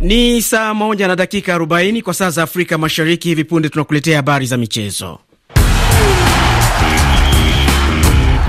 Ni saa moja na dakika 40 kwa saa za Afrika Mashariki. Hivi punde tunakuletea habari za michezo.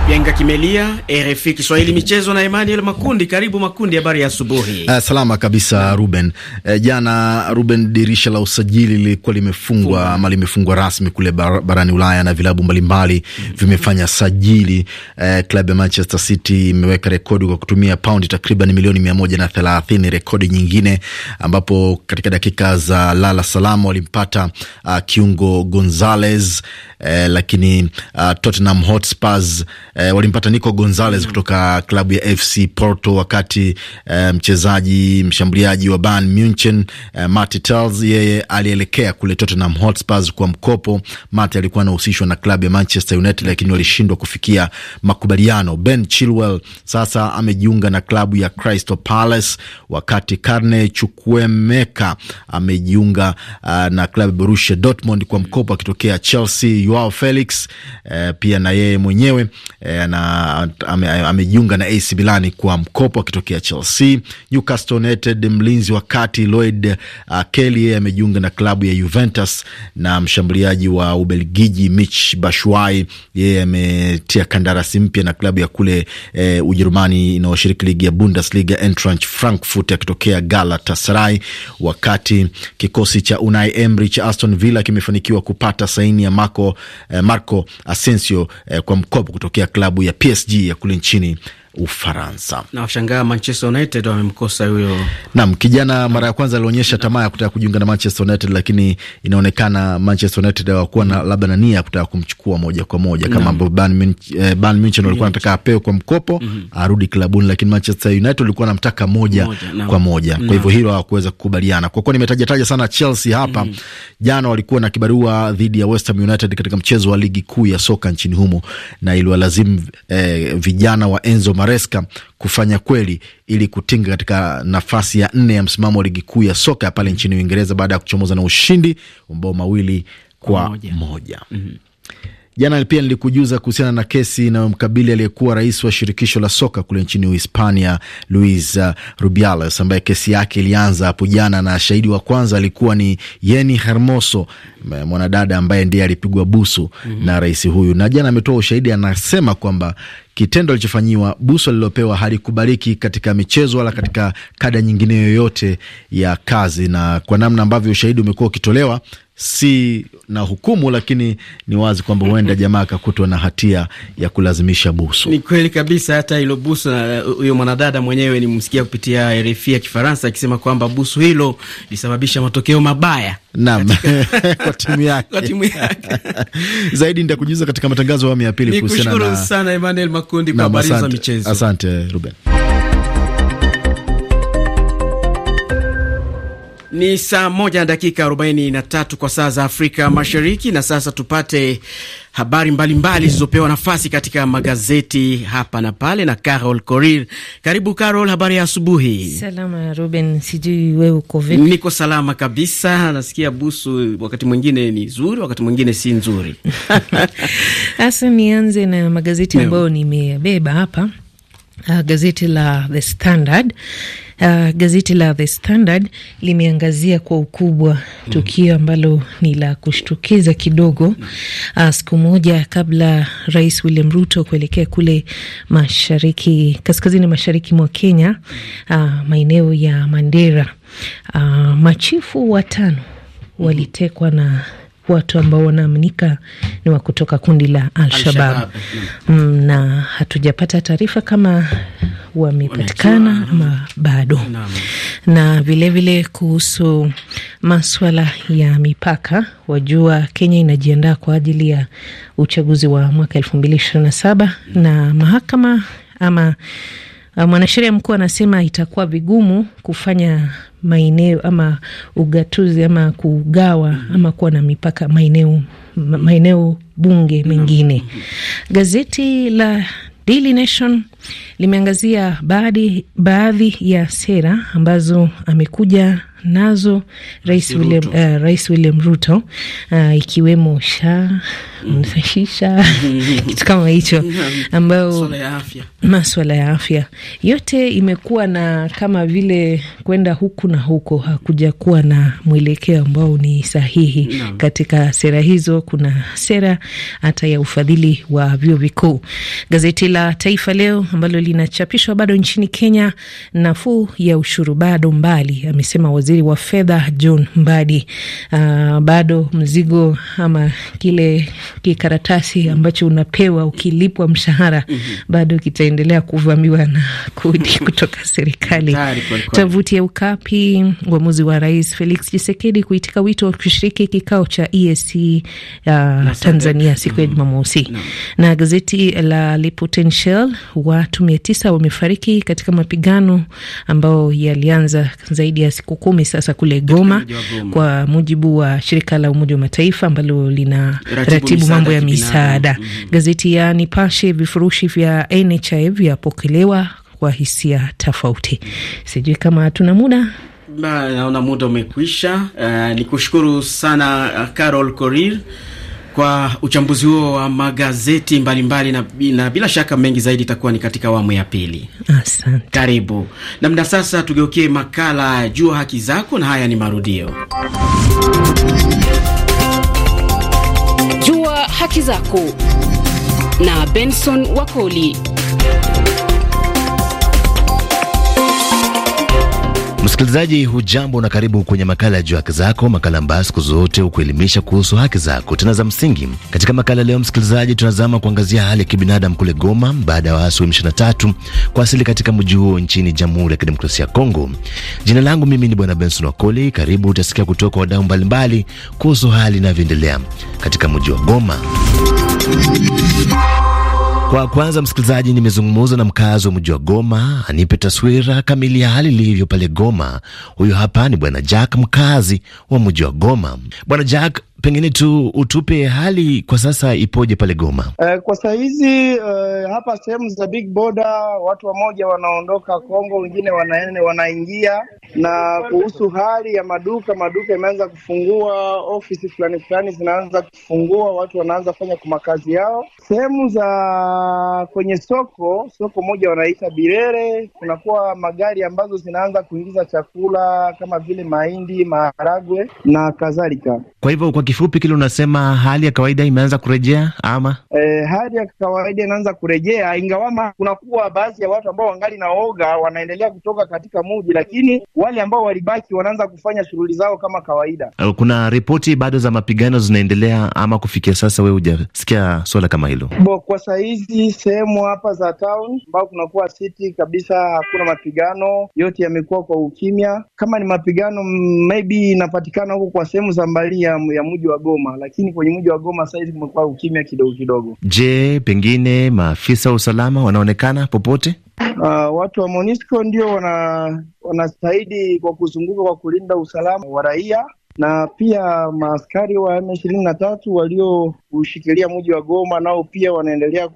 Benga Kimelia, RFI Kiswahili michezo na Emmanuel Makundi. Karibu Makundi, habari ya asubuhi. Uh, salama kabisa Ruben. Uh, jana Ruben, dirisha la usajili lilikuwa limefungwa ama limefungwa rasmi kule bar barani Ulaya na vilabu mbalimbali mm-hmm. vimefanya sajili. Uh, eh, klabu ya Manchester City imeweka rekodi kwa kutumia paundi takriban milioni mia moja na thelathini, rekodi nyingine ambapo katika dakika za lala salama walimpata uh, kiungo Gonzales uh, lakini uh, Tottenham Hotspurs uh, eh, walimpata Nico Gonzalez mm. kutoka klabu ya FC Porto, wakati eh, mchezaji mshambuliaji wa Bayern Munchen eh, Mati Tels yeye alielekea kule Tottenham Hotspurs kwa mkopo. mart alikuwa anahusishwa na klabu ya Manchester United, lakini walishindwa kufikia makubaliano. Ben Chilwell sasa amejiunga na klabu ya Crystal Palace, wakati Karne Chukwemeka amejiunga uh, na klabu Borussia Dortmund kwa mkopo akitokea Chelsea. Joao Felix eh, pia na yeye mwenyewe eh, Eh, amejiunga na AC Milan kwa mkopo akitokea Chelsea. Newcastle United, mlinzi wa kati Lloyd uh, Kelly yeye amejiunga na klabu ya Juventus, na mshambuliaji wa Ubelgiji Mich Bashwai yeye ametia kandarasi mpya na klabu ya kule eh, Ujerumani inayoshiriki ligi ya Bundesliga Eintracht Frankfurt akitokea Galatasaray, wakati kikosi cha Unai Emery cha Aston Villa kimefanikiwa kupata saini ya Marco, eh, Marco Asensio eh, kwa mkopo kutokea klabu ya PSG ya kule nchini Ufaransa. Nawashangaa Manchester United wamemkosa huyo. nam kijana mara ya kwanza alionyesha tamaa ya kutaka kujiunga na Manchester United, lakini inaonekana Manchester United hawakuwa na labda na nia ya kutaka kumchukua moja kwa moja kama ambavyo Bayern Munich eh, walikuwa wanataka apewe kwa mkopo mm -hmm. arudi klabuni, lakini Manchester United walikuwa wanamtaka moja, moja kwa moja Kwa hivyo hilo hawakuweza kukubaliana. Kwa kuwa nimetajataja sana Chelsea hapa mm -hmm. jana walikuwa na kibarua dhidi ya West Ham United katika mchezo wa ligi kuu ya soka nchini humo na iliwalazimu eh, vijana wa Enzo Maresca kufanya kweli ili kutinga katika nafasi ya nne ya msimamo wa ligi kuu ya soka pale nchini Uingereza baada ya kuchomoza na ushindi mabao mawili kwa moja, moja. Mm -hmm. Jana pia nilikujuza kuhusiana na kesi inayomkabili aliyekuwa rais wa shirikisho la soka kule nchini Uhispania, Luis uh, Rubiales, ambaye kesi yake ilianza hapo jana, na shahidi wa kwanza alikuwa ni Yeni Hermoso, mwanadada ambaye ndiye alipigwa busu mm -hmm. na rais huyu, na jana ametoa ushahidi, anasema kwamba kitendo alichofanyiwa busu alilopewa halikubaliki katika michezo wala katika kada nyingine yoyote ya kazi, na kwa namna ambavyo ushahidi umekuwa ukitolewa si na hukumu, lakini ni wazi kwamba huenda jamaa akakutwa na hatia ya kulazimisha busu. Ni kweli kabisa, hata hilo busu uh, huyo mwanadada mwenyewe nimsikia kupitia RFI ya Kifaransa akisema kwamba busu hilo lisababisha matokeo mabaya naam kwa timu yake, kwa timu yake. Zaidi nitakujuza katika matangazo ya awamu ya pili kuhusiana na. sana Emmanuel Makundi kwa habari za michezo. Asante Ruben. Ni saa moja na dakika arobaini na tatu kwa saa za Afrika Mashariki. Na sasa tupate habari mbalimbali zilizopewa mbali nafasi katika magazeti hapa na pale na Carol Korir. Karibu Carol, habari ya asubuhi. Salama Ruben, sijui wewe uko vipi? Niko salama kabisa, nasikia busu wakati mwingine ni nzuri, wakati mwingine si nzuri. Sasa nianze na magazeti ambayo nimebeba hapa, uh, gazeti la The Standard Uh, gazeti la The Standard limeangazia kwa ukubwa tukio ambalo ni la kushtukiza kidogo uh, siku moja kabla Rais William Ruto kuelekea kule mashariki kaskazini mashariki mwa Kenya uh, maeneo ya Mandera uh, machifu watano walitekwa na watu ambao wanaaminika ni wa kutoka kundi la alshabab Al mm, na hatujapata taarifa kama wamepatikana ama bado na, vilevile vilevile kuhusu maswala ya mipaka, wajua Kenya inajiandaa kwa ajili ya uchaguzi wa mwaka elfu mbili ishirini na saba na mahakama ama Uh, mwanasheria mkuu anasema itakuwa vigumu kufanya maeneo ama ugatuzi ama kugawa mm-hmm. ama kuwa na mipaka maeneo maeneo bunge mm-hmm. mengine. Gazeti la Daily Nation limeangazia baadhi ya sera ambazo amekuja nazo Rais William, uh, Rais William Ruto uh, ikiwemo sha mm. shisha kitu kama hicho ambayo maswala ya afya yote imekuwa na kama vile kwenda huku na huko, hakuja kuwa na mwelekeo ambao ni sahihi no. Katika sera hizo kuna sera hata ya ufadhili wa vyuo vikuu. Gazeti la Taifa Leo ambalo linachapishwa bado nchini Kenya, nafuu ya ushuru bado mbali, amesema waziri waziri wa fedha John Mbadi. Uh, bado mzigo ama kile kikaratasi ambacho unapewa ukilipwa mshahara mm -hmm. bado kitaendelea kuvamiwa na kodi kutoka serikali. Tovuti ya Ukapi, uamuzi wa Rais Felix Chisekedi kuitika wito wa kushiriki kikao cha EAC e, uh, Tanzania siku ya mhm. Jumamosi mm na gazeti la Le Potentiel, watu mia tisa wamefariki katika mapigano ambayo yalianza zaidi ya siku kumi kumi sasa kule Goma, Goma, kwa mujibu wa shirika la Umoja wa Mataifa ambalo lina ratibu, ratibu mambo ya misaada mm -hmm. Gazeti ya Nipashe vifurushi vya NHIF vyapokelewa kwa hisia tofauti. Mhm. Sijui kama tuna muda naona muda umekwisha. Uh, eh, ni kushukuru sana eh, Carol Korir kwa uchambuzi huo wa magazeti mbalimbali mbali na, na bila shaka mengi zaidi itakuwa ni katika awamu ya pili. Asante. Karibu. Namna sasa tugeukie makala Jua Haki Zako na haya ni marudio. Jua Haki Zako na Benson Wakoli. Msikilizaji hujambo na karibu kwenye makala ya juu Haki Zako, makala ambayo siku zote hukuelimisha kuhusu haki zako tena za msingi. Katika makala leo, msikilizaji, tunazama kuangazia hali ya kibinadamu kule Goma baada ya waasi wa M23 kuwasili katika mji huo nchini Jamhuri ya Kidemokrasia ya Kongo. Jina langu mimi ni Bwana Benson Wakoli. Karibu utasikia kutoka kwa wadau mbalimbali kuhusu hali inavyoendelea katika mji wa Goma. Kwa kwanza, msikilizaji, nimezungumza na mkazi wa mji wa Goma anipe taswira kamili ya hali ilivyo pale Goma. Huyu hapa ni bwana Jack, mkazi wa mji wa Goma. Bwana Jack, pengine tu utupe hali kwa sasa ipoje pale Goma? Uh, kwa saa hizi uh, hapa sehemu za big border watu wamoja wanaondoka Kongo, wengine wanaene wanaingia. Na kuhusu hali ya maduka, maduka yameanza kufungua, ofisi fulani fulani zinaanza kufungua, watu wanaanza kufanya kwa makazi yao. Sehemu za kwenye soko, soko moja wanaita Birere, kunakuwa magari ambazo zinaanza kuingiza chakula kama vile mahindi, maharagwe na kadhalika. Kwa hivyo kwa kifupi kile unasema hali ya kawaida imeanza kurejea ama? E, hali ya kawaida inaanza kurejea, ingawama kunakuwa baadhi ya watu ambao wangali na oga wanaendelea kutoka katika muji, lakini wale ambao walibaki wanaanza kufanya shughuli zao kama kawaida. Eh, kuna ripoti bado za mapigano zinaendelea ama kufikia sasa wewe hujasikia swala kama hilo? Bo, kwa sahizi sehemu hapa za town ambao kunakuwa city kabisa hakuna mapigano, yote yamekuwa kwa ukimya. Kama ni mapigano maybe inapatikana huko kwa sehemu za mbali ya, ya muji mji wa Goma, lakini kwenye mji wa Goma saizi kumekuwa ukimya kidogo kidogo. Je, pengine maafisa wa usalama wanaonekana popote? Uh, watu wa Monisco ndio wana wanastahidi kwa kuzunguka kwa kulinda usalama wa raia na pia maaskari wa M ishirini na tatu walio kushikilia mji wa Goma, nao pia wanaendelea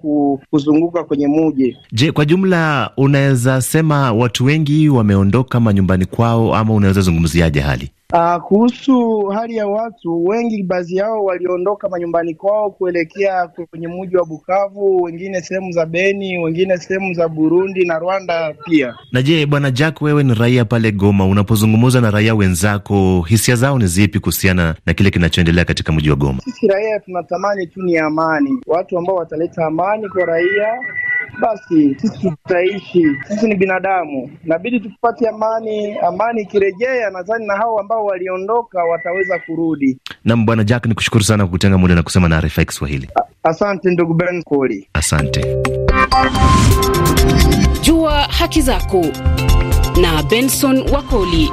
kuzunguka kwenye mji. Je, kwa jumla unaweza sema watu wengi wameondoka manyumbani kwao, ama unaweza zungumziaje hali Uh, kuhusu hali ya watu wengi, baadhi yao waliondoka manyumbani kwao kuelekea kwenye mji wa Bukavu, wengine sehemu za Beni, wengine sehemu za Burundi na Rwanda pia. Na je, bwana Jack, wewe ni raia pale Goma, unapozungumza na raia wenzako, hisia zao ni zipi kuhusiana na kile kinachoendelea katika mji wa Goma? Sisi raia amani tu ni amani, watu ambao wataleta amani kwa raia basi sisi tutaishi. Sisi ni binadamu, inabidi tupate amani. Amani ikirejea, nadhani na hao ambao waliondoka wataweza kurudi. Nam Bwana Jack, ni kushukuru sana kwa kutenga muda na kusema na RFI Kiswahili. Asante ndugu Ben Koli, asante. Jua haki zako na Benson Wakoli.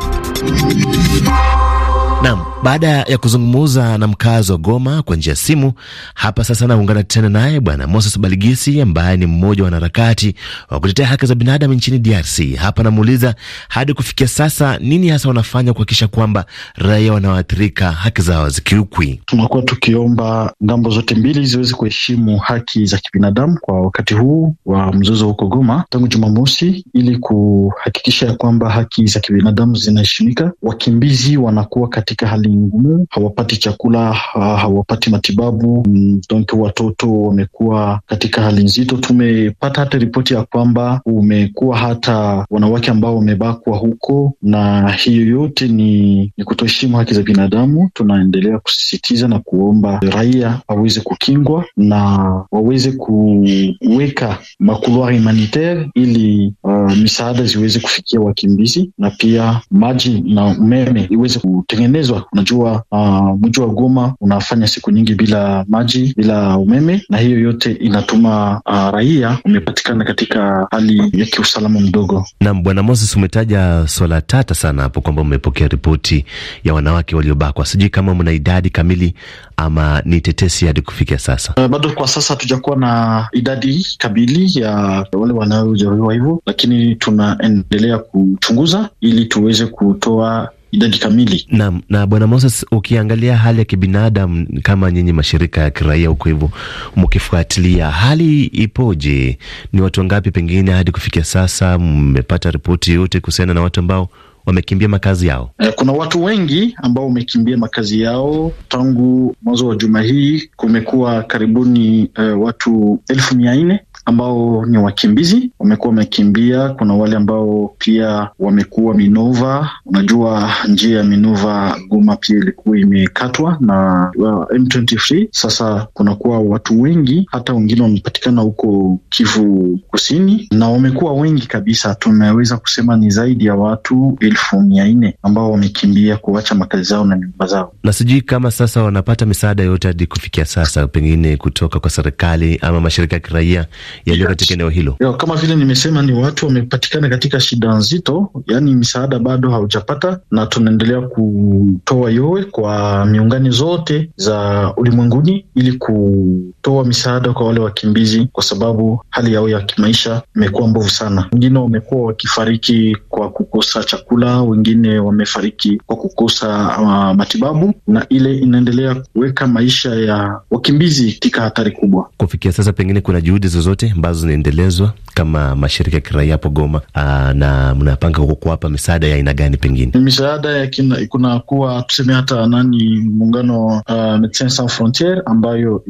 Nam, baada ya kuzungumuza na mkazi wa Goma kwa njia ya simu, hapa sasa naungana tena naye Bwana Moses Baligisi ambaye ni mmoja wa wanaharakati wa kutetea haki za binadamu nchini DRC. Hapa namuuliza hadi kufikia sasa, nini hasa wanafanya kuhakikisha kwamba raia wanaoathirika haki zao zikiukwi? Tunakuwa tukiomba ngambo zote mbili ziweze kuheshimu haki za kibinadamu kwa wakati huu wa mzozo huko Goma tangu Jumamosi, ili kuhakikisha ya kwamba haki za kibinadamu zinaheshimika. Wakimbizi wanakuwa kati katika hali ngumu, hawapati chakula, hawapati matibabu. Mm, donc watoto wamekuwa katika hali nzito. Tumepata hata ripoti ya kwamba umekuwa hata wanawake ambao wamebakwa huko, na hiyo yote ni, ni kutoheshimu haki za binadamu. Tunaendelea kusisitiza na kuomba raia waweze kukingwa na waweze kuweka makuluari humanitaire ili uh, misaada ziweze kufikia wakimbizi na pia maji na umeme iweze kutengeneza kutegemezwa. Unajua uh, mji wa Goma unafanya siku nyingi bila maji, bila umeme, na hiyo yote inatuma uh, raia umepatikana katika hali ya kiusalama mdogo. nam Bwana Moses, umetaja swala tata sana hapo kwamba mmepokea ripoti ya wanawake waliobakwa. Sijui kama mna idadi kamili ama ni tetesi hadi kufikia sasa? Uh, bado kwa sasa hatujakuwa na idadi kamili ya wale wanaojeruhiwa hivyo, lakini tunaendelea kuchunguza ili tuweze kutoa idadi kamili. Naam. Na Bwana Moses, ukiangalia hali ya kibinadamu kama nyinyi mashirika ya kiraia huko hivyo mkifuatilia, hali ipoje? Ni watu wangapi pengine hadi kufikia sasa mmepata ripoti yoyote kuhusiana na watu ambao wamekimbia makazi yao? Eh, kuna watu wengi ambao wamekimbia makazi yao tangu mwanzo wa juma hii. Kumekuwa karibuni uh, watu elfu mia nne ambao ni wakimbizi wamekuwa wamekimbia. Kuna wale ambao pia wamekuwa Minova. Unajua njia ya Minova Goma pia ilikuwa imekatwa na M23. Sasa kunakuwa watu wengi, hata wengine wamepatikana huko Kivu Kusini na wamekuwa wengi kabisa. Tumeweza kusema ni zaidi ya watu elfu mia nne ambao wamekimbia kuacha makazi zao na nyumba zao, na sijui kama sasa wanapata misaada yote hadi kufikia sasa, pengine kutoka kwa serikali ama mashirika ya kiraia yaliyo katika eneo hilo? Yo, kama vile nimesema, ni watu wamepatikana katika shida nzito, yaani misaada bado haujapata, na tunaendelea kutoa yowe kwa miungani zote za ulimwenguni ili kutoa misaada kwa wale wakimbizi, kwa sababu hali yao ya kimaisha imekuwa mbovu sana. Wengine wamekuwa wakifariki kwa kukosa chakula, wengine wamefariki kwa kukosa uh, matibabu, na ile inaendelea kuweka maisha ya wakimbizi katika hatari kubwa. Kufikia sasa, pengine kuna juhudi zozote zote ambazo zinaendelezwa kama mashirika ya kiraia hapo Goma? Aa, ah, na mnapanga huko kuwapa misaada ya aina gani? Pengine misaada ya kina, kuna kuwa tuseme hata nani muungano uh, ah, Medecins Sans Frontieres ambayo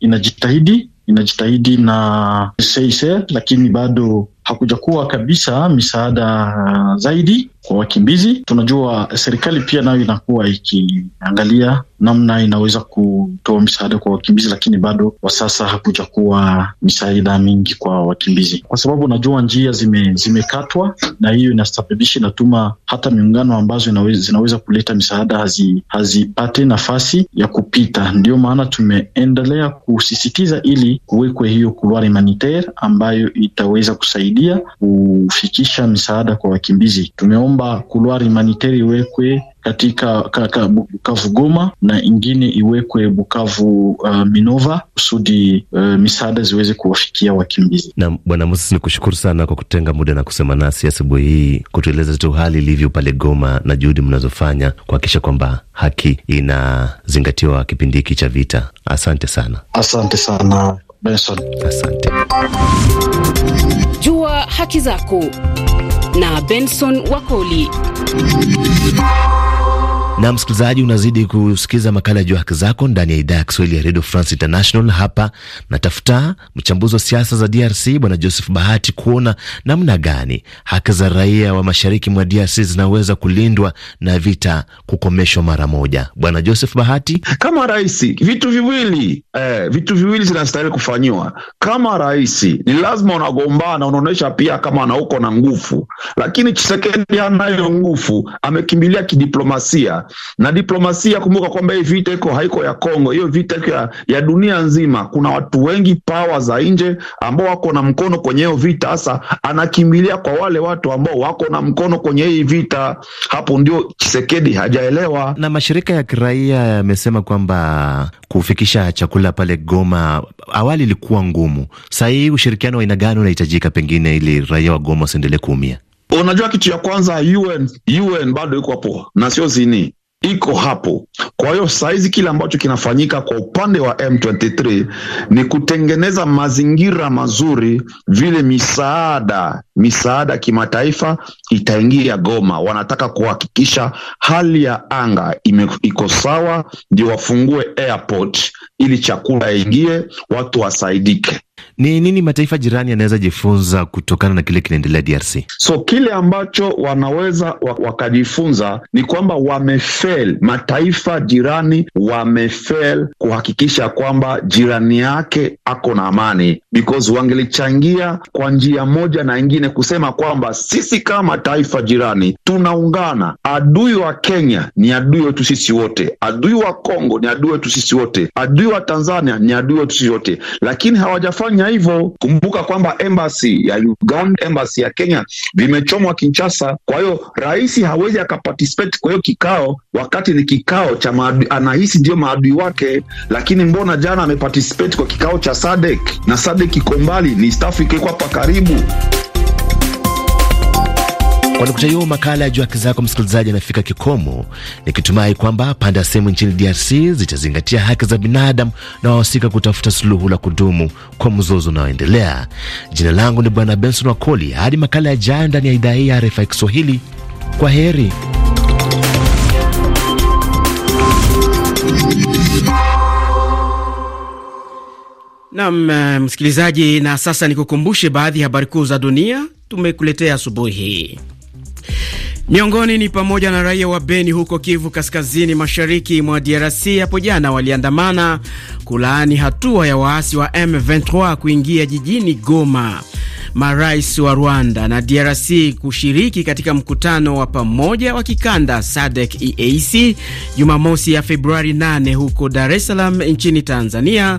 inajitahidi ina inajitahidi na CICR lakini bado hakujakuwa kabisa misaada zaidi kwa wakimbizi. Tunajua serikali pia nayo inakuwa ikiangalia namna inaweza kutoa misaada kwa wakimbizi, lakini bado kwa sasa hakujakuwa misaada mingi kwa wakimbizi, kwa sababu unajua njia zimekatwa, zime na hiyo inasababisha inatuma hata miungano ambazo inaweza, zinaweza kuleta misaada hazipate hazi nafasi ya kupita. ndio maana tumeendelea kusisitiza ili kuwekwe hiyo couloir humanitaire ambayo itaweza kusaidia kusaidia kufikisha misaada kwa wakimbizi. Tumeomba kuluari humanitari iwekwe katika ka, ka, Bukavu Goma na ingine iwekwe Bukavu uh, Minova kusudi uh, misaada ziweze kuwafikia wakimbizi. Na Bwana Moses, ni kushukuru sana kwa kutenga muda na kusema nasi asubuhi hii kutueleza tu hali ilivyo pale Goma na juhudi mnazofanya kuhakikisha kwamba haki inazingatiwa kipindi hiki cha vita. Asante sana, asante sana Benson, asante haki zako na Benson Wakoli. Na msikilizaji, unazidi kusikiza makala ya Jua Haki Zako ndani ya idhaa ya Kiswahili ya Redio France International. Hapa natafuta mchambuzi wa siasa za DRC Bwana Joseph Bahati kuona namna gani haki za raia wa mashariki mwa DRC zinaweza kulindwa na vita kukomeshwa mara moja. Bwana Joseph Bahati: kama rais, vitu viwili eh, vitu viwili zinastahili kufanyiwa. Kama rais ni lazima unagombana, unaonyesha pia kama anauko na nguvu, lakini Chisekedi anayo nguvu, amekimbilia kidiplomasia na diplomasia. Kumbuka kwamba hii vita iko haiko ya Kongo, hiyo vita iko ya, ya dunia nzima. Kuna watu wengi pawa za nje ambao wako na mkono kwenye hiyo vita, hasa anakimbilia kwa wale watu ambao wako na mkono kwenye hii vita. Hapo ndio Chisekedi hajaelewa. Na mashirika ya kiraia yamesema kwamba kufikisha chakula pale Goma awali ilikuwa ngumu, sahii ushirikiano wa aina gani unahitajika pengine ili raia wa Goma wasiendelee kuumia? Unajua kitu ya kwanza, UN, UN bado iko hapo na sio zini iko hapo. Kwa hiyo saizi kile ambacho kinafanyika kwa upande wa M23 ni kutengeneza mazingira mazuri, vile misaada misaada kimataifa itaingia Goma. Wanataka kuhakikisha hali ya anga iko sawa, ndio wafungue airport ili chakula yaingie watu wasaidike. Ni nini mataifa jirani yanaweza jifunza kutokana na kile kinaendelea DRC? So kile ambacho wanaweza wakajifunza ni kwamba wamefail, mataifa jirani wamefail kuhakikisha kwamba jirani yake ako na amani, because wangelichangia kwa njia moja na ingine kusema kwamba sisi kama taifa jirani tunaungana. Adui wa Kenya ni adui wetu sisi wote, adui wa Kongo ni adui wetu sisi wote, adui wa Tanzania ni adui wetu sisi wote, lakini hawajafa kufanya hivyo, kumbuka kwamba embassy ya Uganda, embassy ya Kenya vimechomwa Kinshasa. Kwa hiyo rais hawezi akaparticipate kwa hiyo kikao, wakati ni kikao cha maadui, anahisi ndio maadui wake. Lakini mbona jana ameparticipate kwa kikao cha SADC na SADC iko mbali, ni East Africa iko hapa karibu. Kwa nukta hiyo, makala ya Jua Haki Zako, msikilizaji, anafika kikomo, nikitumai kwamba pande ya sehemu nchini DRC zitazingatia haki za binadamu na wahusika kutafuta suluhu la kudumu kwa mzozo unaoendelea. Jina langu ni Bwana Benson Wakoli. Hadi makala yajayo ndani ya idhaa hii ya RFI Kiswahili, kwa heri. Nam eh, msikilizaji, na sasa nikukumbushe baadhi ya habari kuu za dunia tumekuletea asubuhi hii. Miongoni ni pamoja na raia wa Beni huko Kivu Kaskazini, mashariki mwa DRC. Hapo jana waliandamana kulaani hatua ya waasi wa M23 kuingia jijini Goma marais wa Rwanda na DRC kushiriki katika mkutano wa pamoja wa kikanda SADC EAC Jumamosi ya Februari 8 huko Dar es Salaam nchini Tanzania,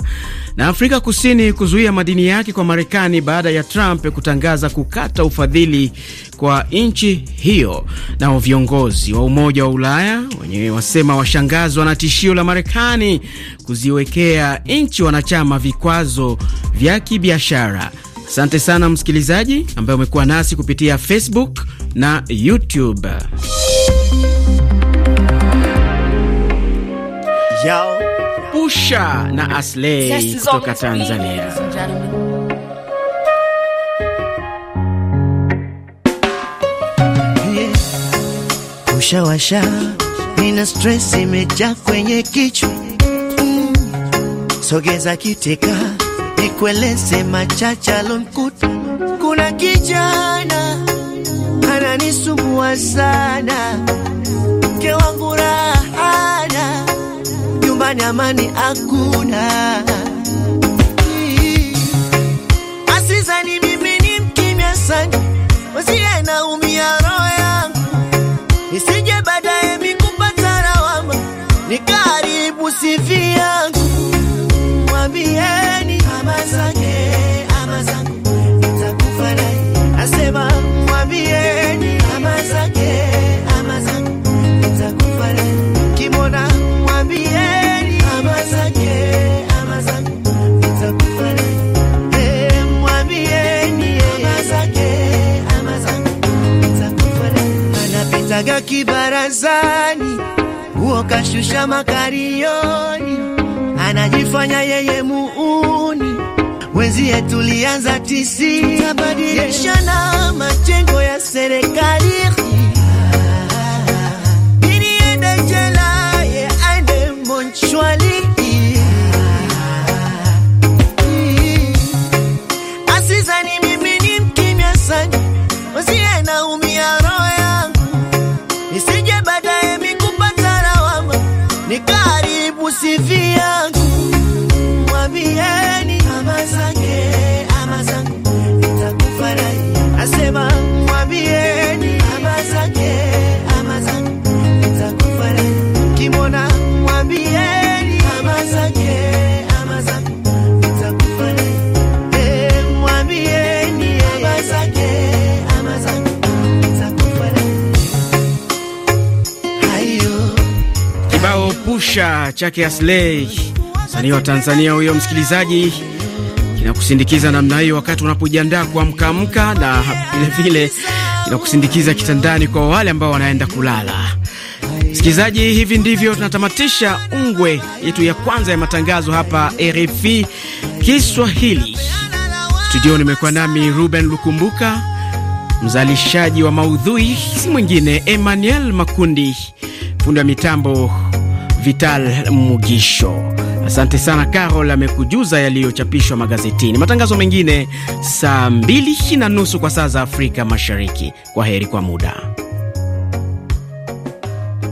na Afrika Kusini kuzuia madini yake kwa Marekani baada ya Trump kutangaza kukata ufadhili kwa nchi hiyo. Nao viongozi wa Umoja wa Ulaya wenyewe wasema washangazwa na tishio la Marekani kuziwekea nchi wanachama vikwazo vya kibiashara. Asante sana msikilizaji ambaye umekuwa nasi kupitia Facebook na YouTube. Pusha na Asley kutoka Tanzania. Ushawasha, nina stress imejaa kwenye kichwa. Mm. Sogeza kiteka nikueleze machache lonkut Kuna kijana ananisumbua sana, mke wangu rahana, nyumbani amani hakuna. Asizani mimi ni mkimya sana, wasiye naumia roho yangu Saga kibarazani, huo kashusha makarioni, anajifanya yeye muuni, wenzie tulianza tisi, na majengo ya serikali ini ende jela, ye aende monchwali maisha chake Aslay, msanii wa Tanzania huyo msikilizaji, kinakusindikiza namna hiyo wakati unapojiandaa kuamkaamka, na vilevile kinakusindikiza kitandani kwa wale ambao wanaenda kulala. Msikilizaji, hivi ndivyo tunatamatisha ungwe yetu ya kwanza ya matangazo hapa RFI Kiswahili. Studio nimekuwa nami Ruben Lukumbuka, mzalishaji wa maudhui si mwingine Emmanuel Makundi, fundi wa mitambo Vital Mugisho. Asante sana Carol, amekujuza yaliyochapishwa magazetini. Matangazo mengine saa mbili na nusu kwa saa za Afrika Mashariki. Kwa heri kwa muda.